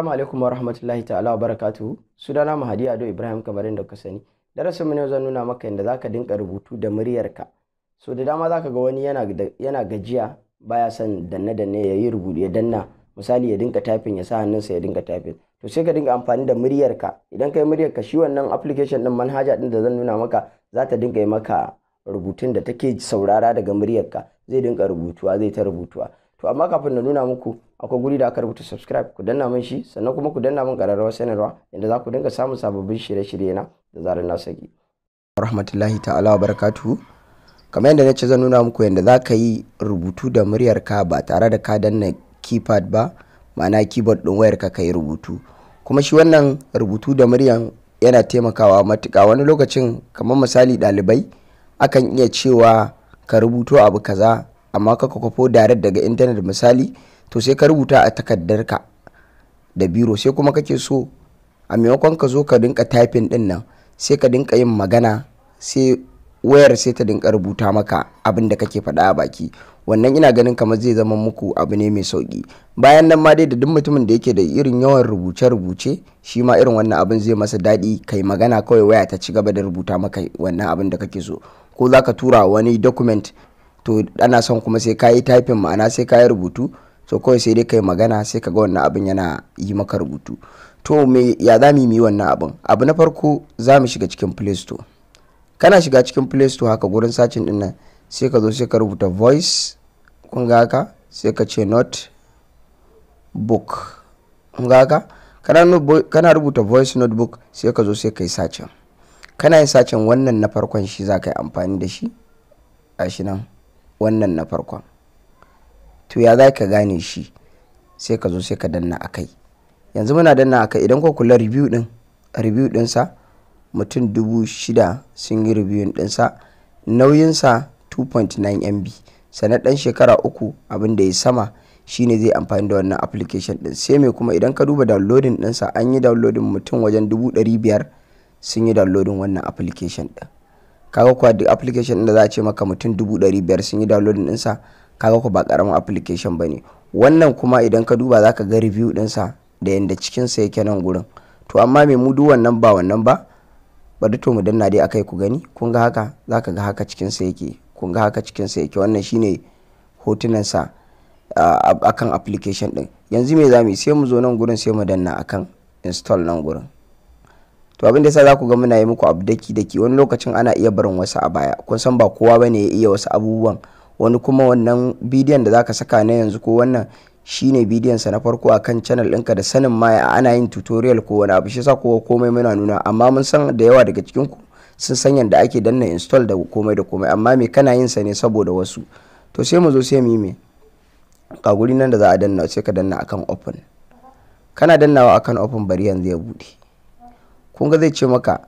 Assalamu alaikum rahmatullahi ta'ala barakatu Sunana Mahadi Ado Ibrahim kamar yadda ka sani. Darasin mu ne zan nuna maka yadda zaka dinka rubutu da muryarka. So da dama zaka ga wani yana yana gajiya baya son danne danne yayi rubutu ya danna. Misali ya dinka typing ya sa hannunsa ya dinka typing. To sai ka dinka amfani da muryarka. Idan kai muryarka shi wannan application din manhaja din da zan nuna maka za ta dinka yi maka rubutun da take saurara daga muryarka zai dinka rubutuwa zai ta rubutuwa to amma kafin na nuna muku akwai guri da aka rubuta subscribe ku danna min shi sannan kuma ku danna min ƙararrawar sanarwa inda za ku dinga samun sababbin shirye-shirye na da zarar na saki rahmatullahi ta'ala wa barakatuhu kamar yadda na ce zan nuna muku yadda za ka yi rubutu da muryar ka ba tare da ka danna keypad ba ma'ana keyboard ɗin wayarka ka yi rubutu kuma shi wannan rubutu da muryar yana taimakawa matuƙa wani lokacin kamar misali ɗalibai akan iya cewa ka rubuto abu kaza amma ka kwafo direct daga intanet misali to sai ka rubuta a takardar ka da biro sai kuma kake so a maimakon ka zo ka dinka typing din nan sai ka dinka yin magana sai wayar sai ta dinka rubuta maka abin da kake faɗa a baki wannan ina ganin kamar zai zama muku abu ne mai sauki bayan nan ma dai da duk mutumin da yake da irin yawan rubuce-rubuce shi ma irin wannan abin zai masa daɗi kai magana kawai waya ta ci gaba da rubuta maka wannan abin da kake so ko za ka tura wani document to ana son kuma sai ka yi taifin ma'ana sai ka yi rubutu so kawai sai dai ka yi magana sai ka ga wannan abin yana yi maka rubutu to me ya za mu yi wannan abin abu na farko za mu shiga cikin play store kana shiga cikin play store haka gurin sacin din nan sai ka zo sai ka rubuta voice kun ga haka sai ka ce not book kun ga haka kana rubuta voice notebook sai ka zo sai ka yi sacin kana yi sacin wannan na farkon shi za ka yi amfani da shi a shi nan wannan na farkon to ya za ka gane shi sai ka zo sai ka danna a kai yanzu muna danna a kai idan ko kula review din review dinsa mutum dubu shida sun yi review dinsa nauyinsa 2.9 mb sannan dan shekara uku abin da ya sama shine zai amfani da wannan application din sai mai kuma idan ka duba downloading dinsa an yi downloading mutum wajen dubu 500 sun yi downloading wannan application din kaga kuwa duk application da za a ce maka mutum dubu ɗari biyar sun yi downloading dinsa kaga kuwa ba karamin application ba ne wannan kuma idan ka duba za ka ga review dinsa da yadda cikinsa yake nan gurin to amma mai mudu wannan ba wannan ba bari to mu danna dai akai ku gani kun ga haka za ka ga haka cikinsa yake kun ga haka cikinsa yake wannan shine sa akan application din yanzu me za mu sai mu zo nan gurin sai mu danna akan install nan gurin to abin da yasa za ku ga muna yi muku abu daki daki wani lokacin ana iya barin wasu a baya kun san ba kowa ba ne ya iya wasu abubuwan wani kuma wannan bidiyon da zaka saka na yanzu ko wannan shine bidiyon sa na farko akan channel ɗinka da sanin ma ana yin tutorial ko wani abu shi yasa kowa komai muna nuna amma mun san da yawa daga cikin ku sun san yadda ake danna install da komai da komai amma me kana yin sa ne saboda wasu to sai mu zo sai mu yi me ga guri nan da za a danna sai ka danna akan open kana dannawa akan open bari yanzu ya bude kun ga zai ce maka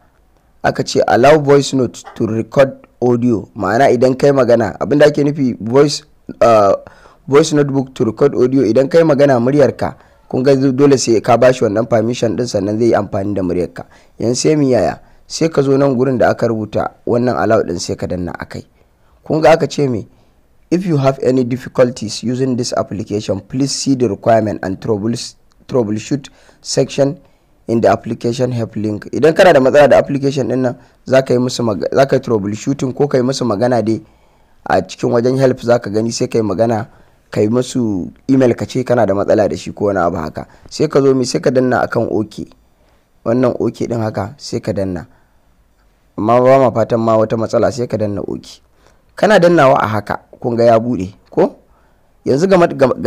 aka ce allow voice note to record audio ma'ana idan kai magana abinda ake nufi voice uh, voice notebook to record audio idan kai magana muryarka kun ga dole sai ka bashi wannan permission din sannan zai yi amfani da muryarka yan sai mi yaya sai ka zo nan gurin da aka rubuta wannan allow din sai ka danna akai kun ga aka ce me if you have any difficulties using this application please see the requirement and troubles troubleshoot section in the application help link idan kana da matsala da application din nan za ka yi musu zaka troubleshooting ko ka yi musu magana dai a cikin wajen help zaka gani sai ka magana kai musu email ka ce kana da matsala da shi ko wani abu haka sai ka zo mi sai ka danna akan ok wannan ok din haka sai ka danna amma ba ma fatan ma wata matsala sai ka danna ok kana dannawa a haka kun ga ya bude ko yanzu ga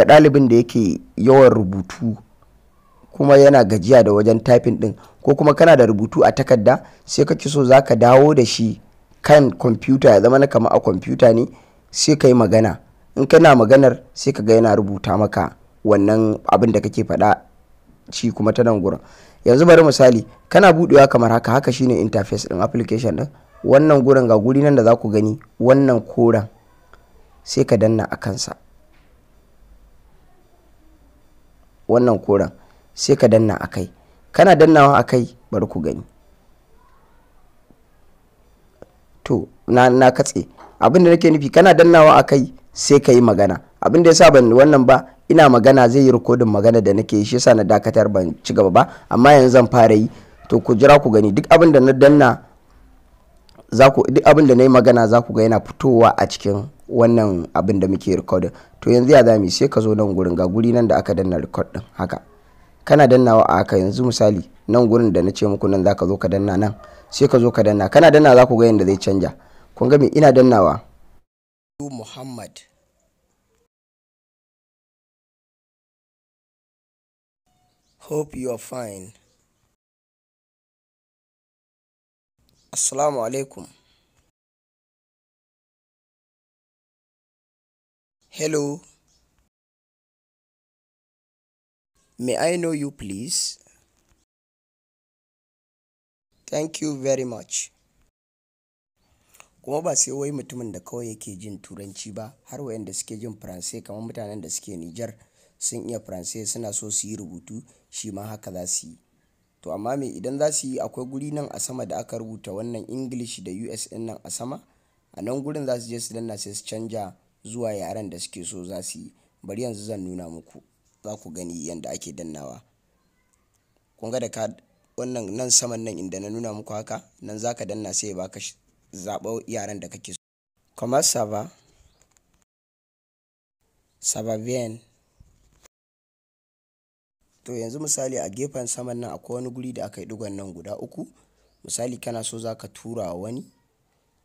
ɗalibin da yake yawan rubutu kuma yana gajiya da wajen typing din ko kuma kana da rubutu a takarda sai ka ki so za ka dawo da shi kan kwamfuta ya zama na kama a kwamfuta ne sai ka yi magana in kana maganar sai ka ga yana rubuta maka wannan abin da kake faɗa shi kuma ta nan gurin yanzu bari misali kana buɗewa kamar haka haka shine interface din application din wannan gurin ga guri nan da za ku gani wannan koren sai ka danna a kansa wannan koren sai ka danna a kai kana dannawa a kai bari ku gani to na, katse abin da nake nufi kana dannawa a kai sai ka yi magana abin da sa ban wannan ba ina magana zai yi rikodin magana da nake shi yasa na dakatar ban ci gaba ba amma yanzu zan fara yi to ku jira ku gani duk abin da na danna za duk abin da yi magana za ku ga yana fitowa a cikin wannan abin da muke rikodin to yanzu ya zami sai ka zo nan gurin ga guri nan da aka danna rikodin haka kana dannawa a haka yanzu misali nan gurin da na ce muku nan zaka zo ka danna nan sai ka zo ka danna kana danna za ku ga yadda zai canja kun ga me ina dannawa Muhammad Hope you are fine. Assalamu alaikum. Hello. May I know you, please? Thank you very much. Kuma ba sai wai mutumin da kawai yake jin Turanci ba, har wayanda suke jin Faransai kamar mutanen da suke Nijar sun iya Faransai suna so su yi rubutu shi ma haka za su yi. To amma me idan za su yi akwai guri nan a sama da aka rubuta wannan English da US ɗin nan a sama, a nan gurin za su je su danna sai su canja zuwa yaren da suke so za su yi. Bari yanzu zan nuna muku. za ku gani yadda ake dannawa. Kun ga da wannan nan saman nan inda na nuna muku haka nan za ka danna sai ya baka zaɓa yaren da kake so. Kamar To yanzu misali a gefen saman nan akwai wani guri da aka yi dugon nan guda uku. Misali kana so za ka tura wani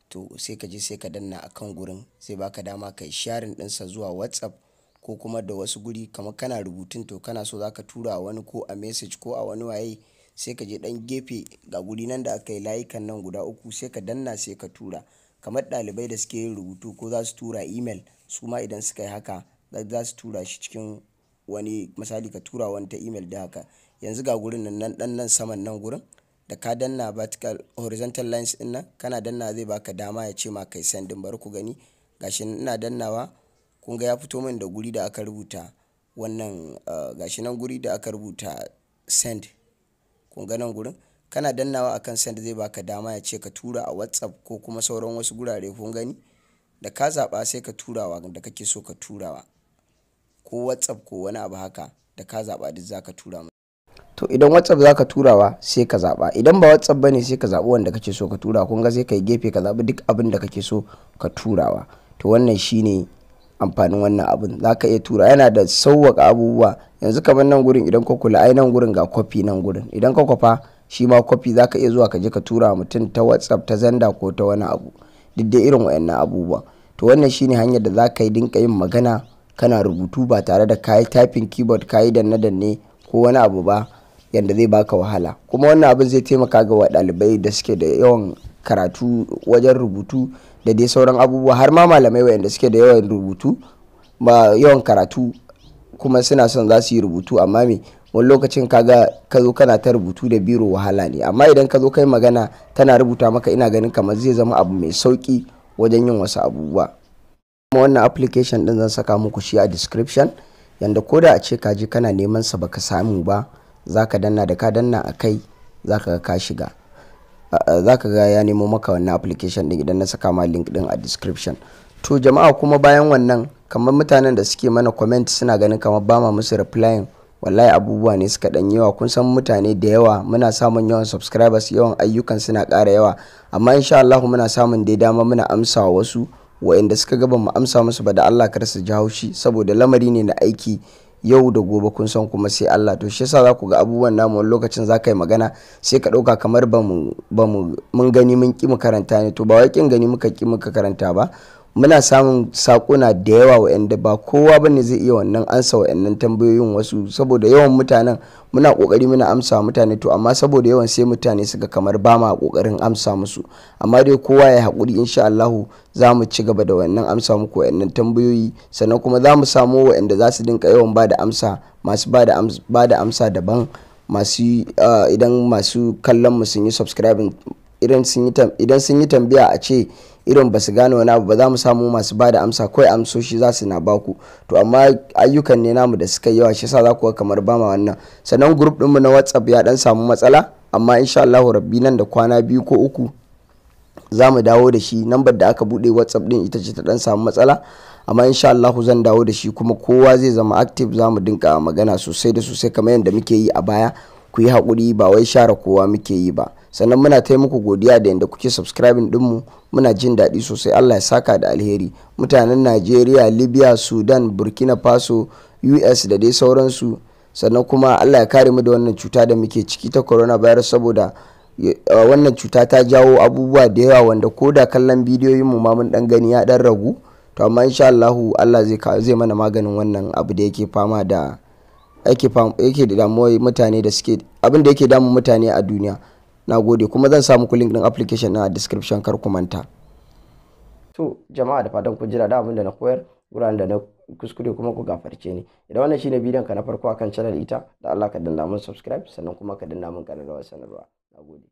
to sai ka je sai ka danna akan gurin sai baka dama ka yi sharing ɗinsa zuwa WhatsApp. ko kuma da wasu guri kamar kana rubutun to kana so zaka tura wani ko a message ko a wani waye sai ka je dan gefe ga guri nan da aka yi layukan nan guda uku sai ka danna sai ka tura kamar dalibai da suke yin rubutu ko za su tura email su ma idan suka yi haka za su tura shi cikin wani misali ka tura wani ta email da haka yanzu ga gurin nan nan nan saman nan gurin da ka danna vertical horizontal lines din nan kana danna zai baka dama ya ce ma kai sendin bari ku gani gashi ina dannawa kun ga ya fito min da guri da aka rubuta wannan eh, gashi nan guri da aka rubuta send kun ga nan gurin kana dannawa akan send zai baka dama ya ce ka tura a whatsapp ko kuma sauran wasu gurare kun gani da ka zaɓa sai ka turawa da kake so ka turawa ko whatsapp ko wani abu haka da ka zaɓa duk za ka tura to idan whatsapp za ka turawa sai ka zaɓa idan ba whatsapp ba ne sai ka zaɓi wanda kake so ka tura kun ga sai ka yi gefe ka zaɓi duk abin da kake so ka turawa to wannan shine amfanin wannan abin za ka iya tura yana da sauwaka abubuwa yanzu kamar nan gurin idan ka kula ai nan gurin ga kwafi nan gurin idan ka kwafa shi ma kwafi za ka iya zuwa ka je ka tura mutum ta whatsapp ta zanda ko ta wani abu duk dai irin wayannan abubuwa to wannan shine hanyar da za ka yi dinka yin magana kana rubutu ba tare da kayi typing keyboard kayi danne danne ko wani abu ba yanda zai baka wahala kuma wannan abin zai taimaka ga ɗalibai da suke da yawan karatu wajen rubutu da dai sauran abubuwa har ma malamai wayanda suke da yawan rubutu ba yawan karatu kuma suna son za su yi rubutu amma me wani lokacin kaga ka zo kana ta rubutu da biro wahala ne amma idan ka zo kai magana tana rubuta maka ina ganin kamar zai zama abu mai sauki wajen yin wasu abubuwa kuma wannan application din zan saka muku shi a description yanda koda a ce kaji kana neman sa baka samu ba zaka danna da ka danna a kai zaka ka shiga za ka ga ya nemo maka wannan application din idan na saka ma link din a description to jama'a kuma bayan wannan kamar mutanen da suke mana comment suna ganin kamar ba ma musu replying wallahi abubuwa ne suka dan yawa kun san mutane da yawa muna samun yawan subscribers yawan ayyukan suna ƙara yawa amma insha Allah muna samun dai dama muna amsa wasu waɗanda suka gaba mu amsa musu ba da Allah kar su ji haushi saboda lamari ne na aiki yau da gobe kun san kuma sai Allah to shi yasa za ku ga abubuwan namu wani lokacin za ka yi magana sai ka ɗauka kamar ba mu mun gani mun ƙi mu karanta ne to ba wai ƙin gani muka ƙi muka karanta ba muna samun sakuna da yawa wa'anda ba kowa ba ne zai iya wannan ansa wa'annan tambayoyin wasu saboda yawan mutanen muna kokari muna amsa mutane to amma saboda yawan sai mutane suka kamar ba ma kokarin amsa musu amma dai kowa ya haƙuri insha Allah za mu ci gaba da wannan amsa muku wa'annan tambayoyi sannan kuma za mu samo wa'anda za su dinka yawan ba da amsa masu ba da amsa daban masu idan masu kallon mu sun yi subscribing idan sun yi tambaya a ce irin ba su gane wani abu ba za mu samu masu ba da amsa kawai amsoshi za su na baku to amma ayyukan ne namu da suka yawa shi sa za ku kamar ba ma wannan sannan group ɗinmu na whatsapp ya dan samu matsala amma insha Allah rabbi nan da kwana biyu ko uku za mu dawo da shi lambar da aka buɗe whatsapp ɗin ita ce ta dan samu matsala amma insha Allah zan dawo da shi kuma kowa zai zama active za mu dinka magana sosai da sosai kamar yadda muke yi a baya ku yi hakuri ba wai share kowa muke yi ba sannan muna ta muku godiya da yadda kuke subscribing dinmu muna jin daɗi sosai allah ya saka da alheri mutanen nigeria libya sudan burkina faso us da dai sauransu sannan kuma allah ya kare mu da wannan cuta da muke ciki ta coronavirus saboda wannan cuta ta jawo abubuwa da yawa wanda ko da kallon bidiyoyin mu ma mun dan gani ya dan ragu to amma insha allahu allah zai mana maganin wannan abu da yake fama da yake da mutane da suke abin yake damun mutane a duniya na gode kuma zan sa muku link din application na description kar ku manta to jama'a da fatan ku jira da abin da na koyar wuraren da na kuskure kuma ku gafarce ni idan wannan shine bidiyon ka na farko akan channel ita da Allah ka danna mun subscribe sannan kuma ka danna mun kararrawar sanarwa nagode